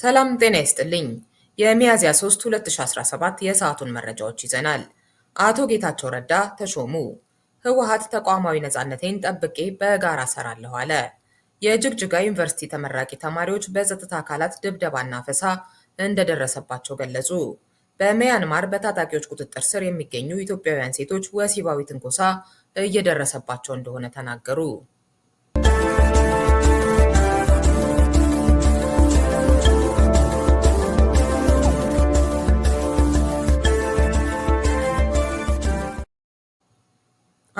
ሰላም ጤና ይስጥልኝ። የሚያዝያ 3 2017 የሰዓቱን መረጃዎች ይዘናል። አቶ ጌታቸው ረዳ ተሾሙ። ህወሓት ተቋማዊ ነፃነቴን ጠብቄ በጋራ እሰራለሁ አለ። የጅግጅጋ ዩኒቨርሲቲ ተመራቂ ተማሪዎች በጸጥታ አካላት ድብደባና አፈሳ እንደደረሰባቸው ገለጹ። በሚያንማር በታጣቂዎች ቁጥጥር ስር የሚገኙ ኢትዮጵያውያን ሴቶች ወሲባዊ ትንኮሳ እየደረሰባቸው እንደሆነ ተናገሩ።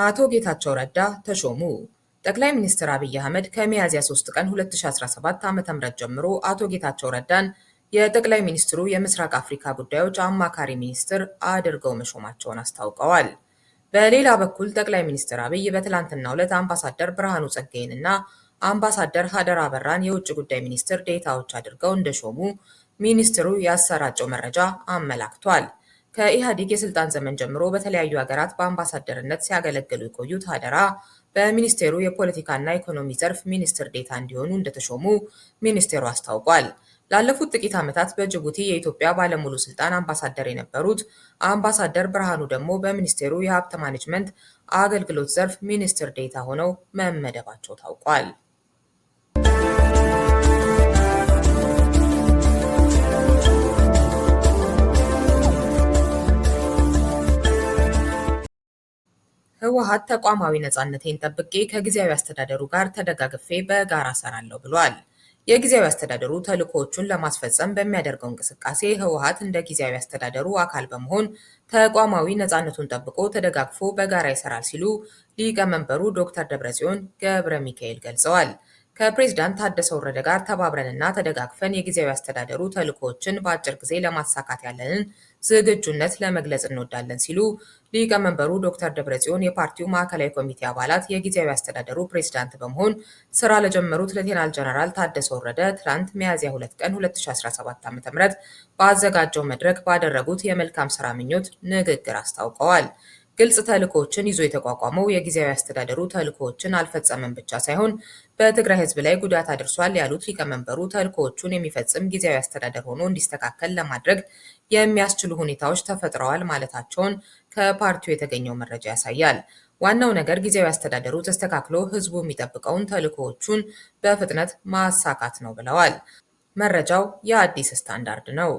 አቶ ጌታቸው ረዳ ተሾሙ። ጠቅላይ ሚኒስትር አብይ አህመድ ከሚያዝያ 3 ቀን 2017 ዓ.ም ጀምሮ አቶ ጌታቸው ረዳን የጠቅላይ ሚኒስትሩ የምስራቅ አፍሪካ ጉዳዮች አማካሪ ሚኒስትር አድርገው መሾማቸውን አስታውቀዋል። በሌላ በኩል ጠቅላይ ሚኒስትር አብይ በትላንትናው ዕለት አምባሳደር ብርሃኑ እና አምባሳደር ሀደራ አበራን የውጭ ጉዳይ ሚኒስትር ዴታዎች አድርገው እንደሾሙ ሚኒስትሩ ያሰራጨው መረጃ አመላክቷል። ከኢህአዴግ የስልጣን ዘመን ጀምሮ በተለያዩ ሀገራት በአምባሳደርነት ሲያገለግሉ የቆዩት አደራ በሚኒስቴሩ የፖለቲካና ኢኮኖሚ ዘርፍ ሚኒስትር ዴታ እንዲሆኑ እንደተሾሙ ሚኒስቴሩ አስታውቋል። ላለፉት ጥቂት ዓመታት በጅቡቲ የኢትዮጵያ ባለሙሉ ስልጣን አምባሳደር የነበሩት አምባሳደር ብርሃኑ ደግሞ በሚኒስቴሩ የሀብት ማኔጅመንት አገልግሎት ዘርፍ ሚኒስትር ዴታ ሆነው መመደባቸው ታውቋል። ህወሓት ተቋማዊ ነፃነቴን ጠብቄ ከጊዜያዊ አስተዳደሩ ጋር ተደጋግፌ በጋራ ሰራለሁ ብሏል። የጊዜያዊ አስተዳደሩ ተልዕኮዎቹን ለማስፈጸም በሚያደርገው እንቅስቃሴ ህወሀት እንደ ጊዜያዊ አስተዳደሩ አካል በመሆን ተቋማዊ ነፃነቱን ጠብቆ ተደጋግፎ በጋራ ይሰራል ሲሉ ሊቀመንበሩ ዶክተር ደብረጽዮን ገብረ ሚካኤል ገልጸዋል። ከፕሬዚዳንት ታደሰ ወረደ ጋር ተባብረንና ተደጋግፈን የጊዜያዊ አስተዳደሩ ተልዕኮዎችን በአጭር ጊዜ ለማሳካት ያለንን ዝግጁነት ለመግለጽ እንወዳለን ሲሉ ሊቀመንበሩ ዶክተር ደብረጽዮን የፓርቲው ማዕከላዊ ኮሚቴ አባላት የጊዜያዊ አስተዳደሩ ፕሬዝዳንት በመሆን ስራ ለጀመሩት ሌተናል ጀነራል ታደሰ ወረደ ትናንት ሚያዝያ 2 ቀን 2017 ዓ.ም ባዘጋጀው መድረክ ባደረጉት የመልካም ስራ ምኞት ንግግር አስታውቀዋል። ግልጽ ተልእኮዎችን ይዞ የተቋቋመው የጊዜያዊ አስተዳደሩ ተልእኮዎችን አልፈጸመም ብቻ ሳይሆን በትግራይ ሕዝብ ላይ ጉዳት አድርሷል ያሉት ሊቀመንበሩ ተልእኮዎቹን የሚፈጽም ጊዜያዊ አስተዳደር ሆኖ እንዲስተካከል ለማድረግ የሚያስችሉ ሁኔታዎች ተፈጥረዋል ማለታቸውን ከፓርቲው የተገኘው መረጃ ያሳያል። ዋናው ነገር ጊዜያዊ አስተዳደሩ ተስተካክሎ ህዝቡ የሚጠብቀውን ተልዕኮዎቹን በፍጥነት ማሳካት ነው ብለዋል። መረጃው የአዲስ ስታንዳርድ ነው።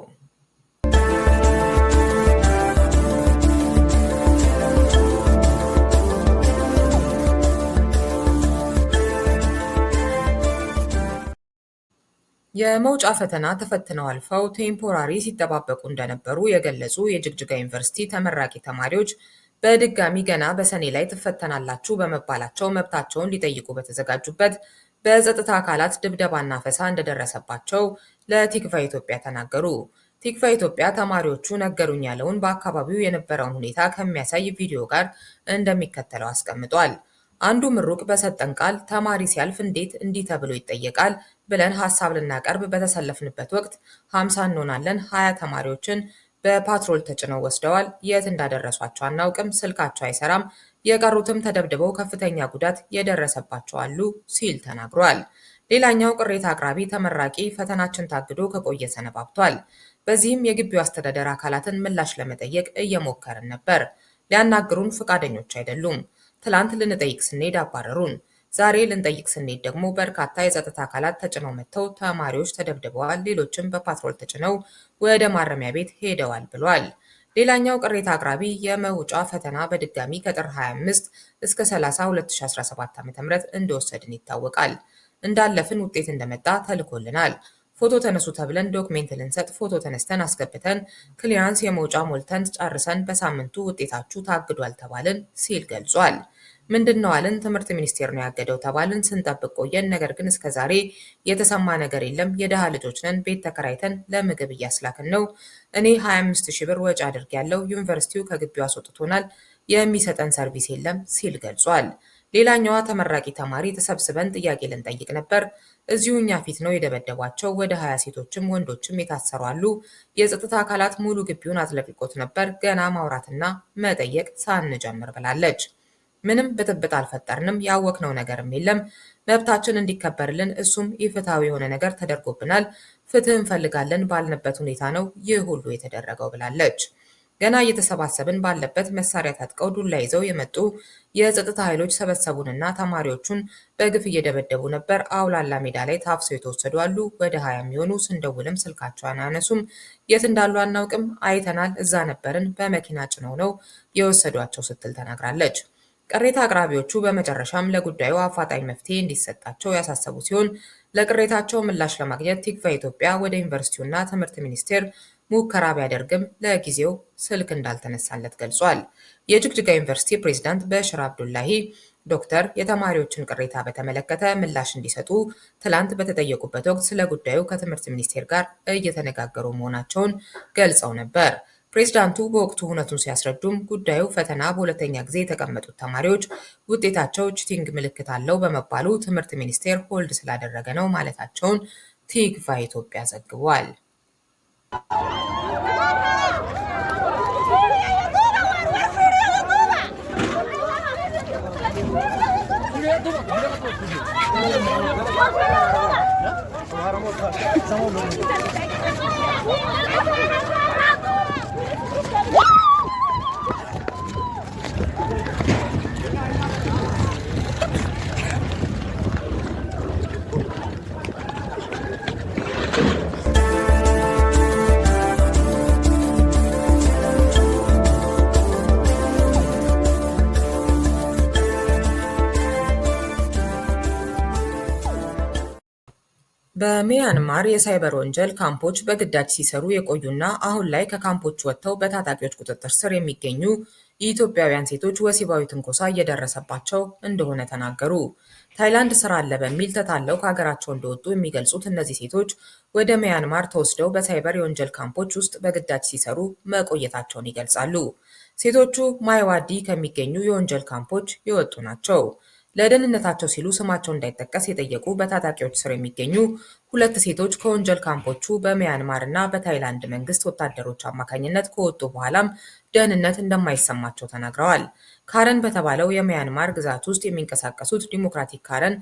የመውጫ ፈተና ተፈትነው አልፈው ቴምፖራሪ ሲጠባበቁ እንደነበሩ የገለጹ የጅግጅጋ ዩኒቨርሲቲ ተመራቂ ተማሪዎች በድጋሚ ገና በሰኔ ላይ ትፈተናላችሁ በመባላቸው መብታቸውን ሊጠይቁ በተዘጋጁበት በጸጥታ አካላት ድብደባና ፈሳ እንደደረሰባቸው ለቲክቫ ኢትዮጵያ ተናገሩ። ቲክቫ ኢትዮጵያ ተማሪዎቹ ነገሩኝ ያለውን በአካባቢው የነበረውን ሁኔታ ከሚያሳይ ቪዲዮ ጋር እንደሚከተለው አስቀምጧል። አንዱ ምሩቅ በሰጠን ቃል ተማሪ ሲያልፍ እንዴት እንዲህ ተብሎ ይጠየቃል ብለን ሀሳብ ልናቀርብ በተሰለፍንበት ወቅት ሀምሳ እንሆናለን ሀያ ተማሪዎችን በፓትሮል ተጭነው ወስደዋል። የት እንዳደረሷቸው አናውቅም። ስልካቸው አይሰራም። የቀሩትም ተደብድበው ከፍተኛ ጉዳት የደረሰባቸው አሉ ሲል ተናግሯል። ሌላኛው ቅሬታ አቅራቢ ተመራቂ ፈተናችን ታግዶ ከቆየ ሰነባብቷል። በዚህም የግቢው አስተዳደር አካላትን ምላሽ ለመጠየቅ እየሞከርን ነበር። ሊያናግሩን ፈቃደኞች አይደሉም። ትላንት ልንጠይቅ ስንሄድ አባረሩን። ዛሬ ልንጠይቅ ስንሄድ ደግሞ በርካታ የጸጥታ አካላት ተጭነው መጥተው ተማሪዎች ተደብድበዋል፣ ሌሎችም በፓትሮል ተጭነው ወደ ማረሚያ ቤት ሄደዋል ብሏል። ሌላኛው ቅሬታ አቅራቢ የመውጫ ፈተና በድጋሚ ከጥር 25 እስከ 30 2017 ዓ.ም እንደወሰድን ይታወቃል። እንዳለፍን ውጤት እንደመጣ ተልኮልናል። ፎቶ ተነሱ ተብለን ዶክሜንት ልንሰጥ ፎቶ ተነስተን አስገብተን ክሊራንስ የመውጫ ሞልተን ጨርሰን በሳምንቱ ውጤታችሁ ታግዷል ተባልን ሲል ገልጿል። ምንድን ነው አልን። ትምህርት ሚኒስቴር ነው ያገደው ተባልን። ስንጠብቅ ቆየን። ነገር ግን እስከዛሬ የተሰማ ነገር የለም። የድሃ ልጆች ነን። ቤት ተከራይተን ለምግብ እያስላክን ነው። እኔ 25 ሺህ ብር ወጪ አድርጌያለሁ። ዩኒቨርሲቲው ከግቢው አስወጥቶናል። የሚሰጠን ሰርቪስ የለም ሲል ገልጿል። ሌላኛዋ ተመራቂ ተማሪ ተሰብስበን ጥያቄ ልንጠይቅ ነበር እዚሁ እኛ ፊት ነው የደበደቧቸው ወደ ሀያ ሴቶችም ወንዶችም የታሰሩ አሉ የፀጥታ አካላት ሙሉ ግቢውን አጥለቅልቆት ነበር ገና ማውራትና መጠየቅ ሳንጀምር ብላለች ምንም ብጥብጥ አልፈጠርንም ያወቅነው ነገርም የለም መብታችን እንዲከበርልን እሱም ኢፍትሐዊ የሆነ ነገር ተደርጎብናል ፍትህ እንፈልጋለን ባልንበት ሁኔታ ነው ይህ ሁሉ የተደረገው ብላለች ገና እየተሰባሰብን ባለበት መሳሪያ ታጥቀው ዱላ ይዘው የመጡ የፀጥታ ኃይሎች ሰበሰቡንና ተማሪዎቹን በግፍ እየደበደቡ ነበር። አውላላ ሜዳ ላይ ታፍሰው የተወሰዱ አሉ። ወደ ሀያ የሚሆኑ ስንደውልም ስልካቸውን አያነሱም። የት እንዳሉ አናውቅም፣ አይተናል፣ እዛ ነበርን፣ በመኪና ጭነው ነው የወሰዷቸው ስትል ተናግራለች። ቅሬታ አቅራቢዎቹ በመጨረሻም ለጉዳዩ አፋጣኝ መፍትሄ እንዲሰጣቸው ያሳሰቡ ሲሆን ለቅሬታቸው ምላሽ ለማግኘት ቲክቫ ኢትዮጵያ ወደ ዩኒቨርሲቲውና ትምህርት ሚኒስቴር ሙከራ ቢያደርግም ለጊዜው ስልክ እንዳልተነሳለት ገልጿል። የጅግጅጋ ዩኒቨርሲቲ ፕሬዝዳንት በሽር አብዱላሂ ዶክተር የተማሪዎችን ቅሬታ በተመለከተ ምላሽ እንዲሰጡ ትላንት በተጠየቁበት ወቅት ስለ ጉዳዩ ከትምህርት ሚኒስቴር ጋር እየተነጋገሩ መሆናቸውን ገልጸው ነበር። ፕሬዝዳንቱ በወቅቱ እውነቱን ሲያስረዱም ጉዳዩ ፈተና በሁለተኛ ጊዜ የተቀመጡት ተማሪዎች ውጤታቸው ቺቲንግ ምልክት አለው በመባሉ ትምህርት ሚኒስቴር ሆልድ ስላደረገ ነው ማለታቸውን ቲክቫህ ኢትዮጵያ ዘግቧል። Thank you. በሚያንማር የሳይበር ወንጀል ካምፖች በግዳጅ ሲሰሩ የቆዩና አሁን ላይ ከካምፖች ወጥተው በታጣቂዎች ቁጥጥር ስር የሚገኙ የኢትዮጵያውያን ሴቶች ወሲባዊ ትንኮሳ እየደረሰባቸው እንደሆነ ተናገሩ። ታይላንድ ስራ አለ በሚል ተታለው ከሀገራቸው እንደወጡ የሚገልጹት እነዚህ ሴቶች ወደ ሚያንማር ተወስደው በሳይበር የወንጀል ካምፖች ውስጥ በግዳጅ ሲሰሩ መቆየታቸውን ይገልጻሉ። ሴቶቹ ማይዋዲ ከሚገኙ የወንጀል ካምፖች የወጡ ናቸው። ለደህንነታቸው ሲሉ ስማቸው እንዳይጠቀስ የጠየቁ በታጣቂዎች ስር የሚገኙ ሁለት ሴቶች ከወንጀል ካምፖቹ በሚያንማር እና በታይላንድ መንግስት ወታደሮች አማካኝነት ከወጡ በኋላም ደህንነት እንደማይሰማቸው ተናግረዋል። ካረን በተባለው የሚያንማር ግዛት ውስጥ የሚንቀሳቀሱት ዲሞክራቲክ ካረን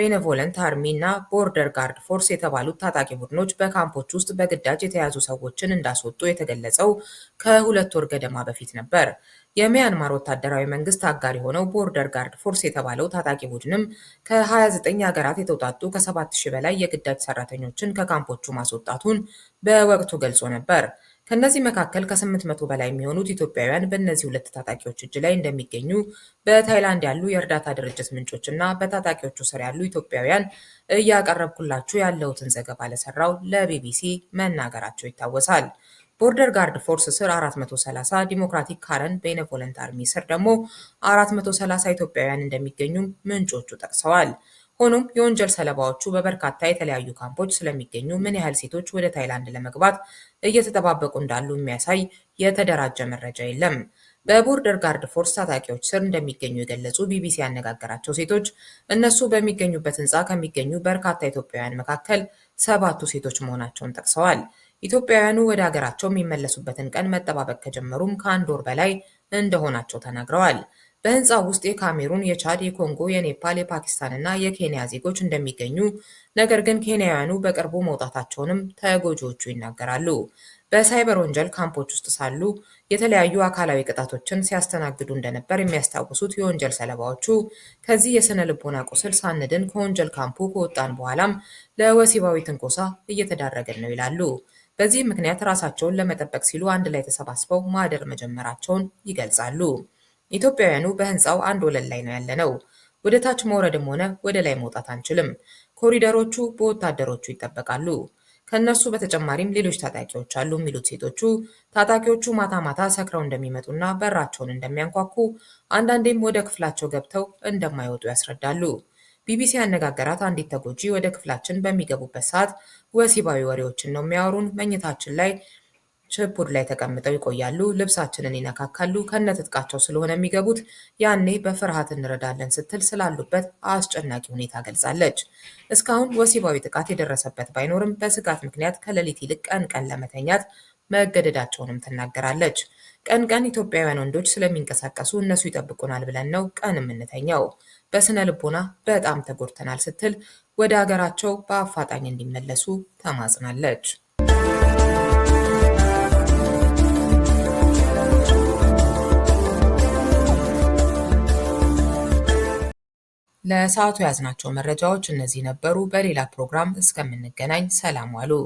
ቤኔቮለንት አርሚ እና ቦርደር ጋርድ ፎርስ የተባሉት ታጣቂ ቡድኖች በካምፖች ውስጥ በግዳጅ የተያዙ ሰዎችን እንዳስወጡ የተገለጸው ከሁለት ወር ገደማ በፊት ነበር። የሚያንማር ወታደራዊ መንግስት አጋር የሆነው ቦርደር ጋርድ ፎርስ የተባለው ታጣቂ ቡድንም ከ29 ሀገራት የተውጣጡ ከ7000 በላይ የግዳጅ ሰራተኞችን ከካምፖቹ ማስወጣቱን በወቅቱ ገልጾ ነበር። ከእነዚህ መካከል ከ800 በላይ የሚሆኑት ኢትዮጵያውያን በእነዚህ ሁለት ታጣቂዎች እጅ ላይ እንደሚገኙ በታይላንድ ያሉ የእርዳታ ድርጅት ምንጮች እና በታጣቂዎቹ ስር ያሉ ኢትዮጵያውያን እያቀረብኩላችሁ ያለሁትን ዘገባ ለሰራው ለቢቢሲ መናገራቸው ይታወሳል። ቦርደር ጋርድ ፎርስ ስር 430 ዲሞክራቲክ ካረን ቤኔቮለንት አርሚ ስር ደግሞ 430 ኢትዮጵያውያን እንደሚገኙም ምንጮቹ ጠቅሰዋል። ሆኖም የወንጀል ሰለባዎቹ በበርካታ የተለያዩ ካምፖች ስለሚገኙ ምን ያህል ሴቶች ወደ ታይላንድ ለመግባት እየተጠባበቁ እንዳሉ የሚያሳይ የተደራጀ መረጃ የለም። በቦርደር ጋርድ ፎርስ ታጣቂዎች ስር እንደሚገኙ የገለጹ ቢቢሲ ያነጋገራቸው ሴቶች እነሱ በሚገኙበት ህንፃ ከሚገኙ በርካታ ኢትዮጵያውያን መካከል ሰባቱ ሴቶች መሆናቸውን ጠቅሰዋል። ኢትዮጵያውያኑ ወደ ሀገራቸው የሚመለሱበትን ቀን መጠባበቅ ከጀመሩም ከአንድ ወር በላይ እንደሆናቸው ተናግረዋል። በሕንፃው ውስጥ የካሜሩን፣ የቻድ፣ የኮንጎ፣ የኔፓል፣ የፓኪስታን እና የኬንያ ዜጎች እንደሚገኙ ነገር ግን ኬንያውያኑ በቅርቡ መውጣታቸውንም ተጎጂዎቹ ይናገራሉ። በሳይበር ወንጀል ካምፖች ውስጥ ሳሉ የተለያዩ አካላዊ ቅጣቶችን ሲያስተናግዱ እንደነበር የሚያስታውሱት የወንጀል ሰለባዎቹ ከዚህ የሥነ ልቦና ቁስል ሳንድን ከወንጀል ካምፑ ከወጣን በኋላም ለወሲባዊ ትንኮሳ እየተዳረገን ነው ይላሉ። በዚህም ምክንያት ራሳቸውን ለመጠበቅ ሲሉ አንድ ላይ ተሰባስበው ማደር መጀመራቸውን ይገልጻሉ። ኢትዮጵያውያኑ በህንፃው አንድ ወለል ላይ ነው ያለነው። ወደ ታች መውረድም ሆነ ወደ ላይ መውጣት አንችልም። ኮሪደሮቹ በወታደሮቹ ይጠበቃሉ። ከእነሱ በተጨማሪም ሌሎች ታጣቂዎች አሉ የሚሉት ሴቶቹ፣ ታጣቂዎቹ ማታ ማታ ሰክረው እንደሚመጡና በራቸውን እንደሚያንኳኩ አንዳንዴም ወደ ክፍላቸው ገብተው እንደማይወጡ ያስረዳሉ። ቢቢሲ ያነጋገራት አንዲት ተጎጂ ወደ ክፍላችን በሚገቡበት ሰዓት ወሲባዊ ወሬዎችን ነው የሚያወሩን መኝታችን ላይ ችፑድ ላይ ተቀምጠው ይቆያሉ ልብሳችንን ይነካካሉ ከነትጥቃቸው ስለሆነ የሚገቡት ያኔ በፍርሃት እንረዳለን ስትል ስላሉበት አስጨናቂ ሁኔታ ገልጻለች። እስካሁን ወሲባዊ ጥቃት የደረሰበት ባይኖርም በስጋት ምክንያት ከሌሊት ይልቅ ቀን ቀን ለመተኛት መገደዳቸውንም ትናገራለች። ቀን ቀን ኢትዮጵያውያን ወንዶች ስለሚንቀሳቀሱ እነሱ ይጠብቁናል ብለን ነው ቀን የምንተኛው። በስነ ልቦና በጣም ተጎድተናል ስትል ወደ ሀገራቸው በአፋጣኝ እንዲመለሱ ተማጽናለች። ለሰዓቱ የያዝናቸው መረጃዎች እነዚህ ነበሩ። በሌላ ፕሮግራም እስከምንገናኝ ሰላም ዋሉ።